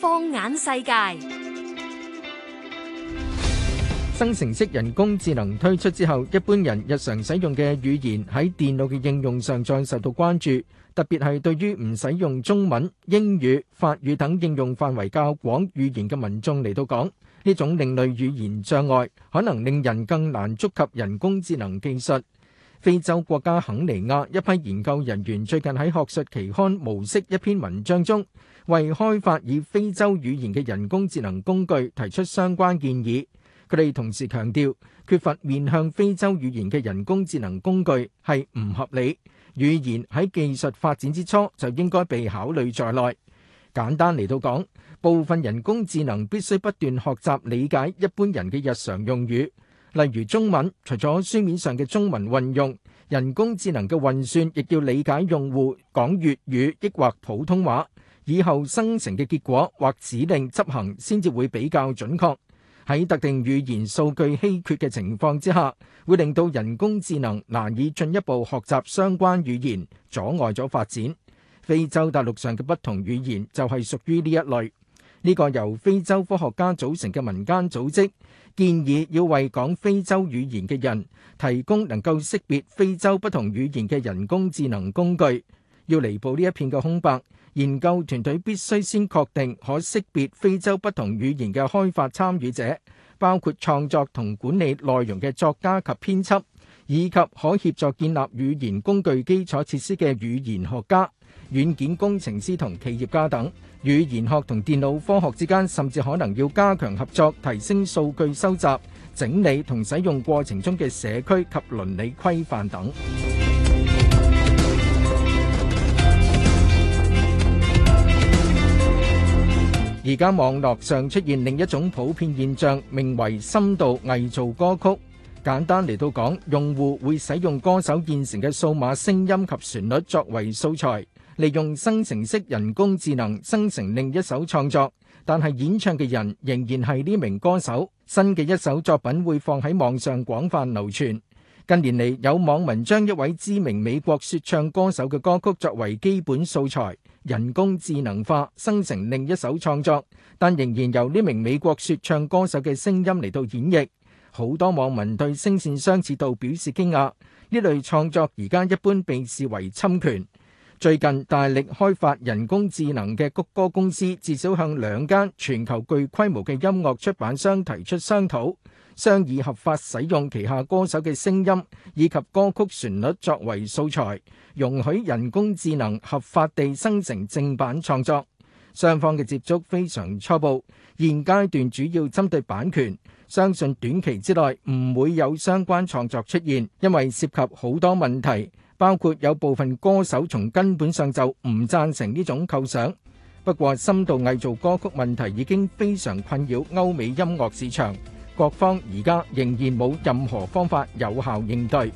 放眼世界，生成式人工智能推出之後，一般人日常使用嘅語言喺電腦嘅應用上再受到關注。特別係對於唔使用中文、英語、法語等應用範圍較廣語言嘅民眾嚟到講，呢種另類語言障礙，可能令人更難觸及人工智能技術。非洲國家肯尼亞一批研究人員最近喺學術期刊《模式》一篇文章中，為開發以非洲語言嘅人工智能工具提出相關建議。佢哋同時強調，缺乏面向非洲語言嘅人工智能工具係唔合理。語言喺技術發展之初就應該被考慮在內。簡單嚟到講，部分人工智能必須不斷學習理解一般人嘅日常用語。例如中文，除咗書面上嘅中文運用，人工智能嘅運算亦要理解用戶講粵語抑或普通話，以後生成嘅結果或指令執行，先至會比較準確，喺特定語言數據稀缺嘅情況之下，會令到人工智能難以進一步學習相關語言，阻礙咗發展。非洲大陸上嘅不同語言就係屬於呢一類。呢個由非洲科學家組成嘅民間組織建議，要為講非洲語言嘅人提供能夠識別非洲不同語言嘅人工智能工具，要彌補呢一片嘅空白。研究團隊必須先確定可識別非洲不同語言嘅開發參與者，包括創作同管理內容嘅作家及編輯，以及可協助建立語言工具基礎設施嘅語言學家。軟件工程師同企業家等，語言學同電腦科學之間甚至可能要加強合作，提升數據收集、整理同使用過程中嘅社區及倫理規範等。而家網絡上出現另一種普遍現象，名為深度偽造歌曲。簡單嚟到講，用戶會使用歌手現成嘅數碼聲音及旋律作為素材。利用生成式人工智能生成另一首創作，但係演唱嘅人仍然係呢名歌手。新嘅一首作品會放喺網上廣泛流傳。近年嚟，有網民將一位知名美國說唱歌手嘅歌曲作為基本素材，人工智能化生成另一首創作，但仍然由呢名美國說唱歌手嘅聲音嚟到演繹。好多網民對聲線相似度表示驚訝。呢類創作而家一般被視為侵權。最近大力開發人工智能嘅谷歌公司，至少向兩間全球具規模嘅音樂出版商提出商討，商議合法使用旗下歌手嘅聲音以及歌曲旋律作為素材，容許人工智能合法地生成正版創作。雙方嘅接觸非常初步，現階段主要針對版權，相信短期之內唔會有相關創作出現，因為涉及好多問題。包括有部分歌手從根本上就唔贊成呢種構想。不過深度偽造歌曲問題已經非常困擾歐美音樂市場，各方而家仍然冇任何方法有效應對。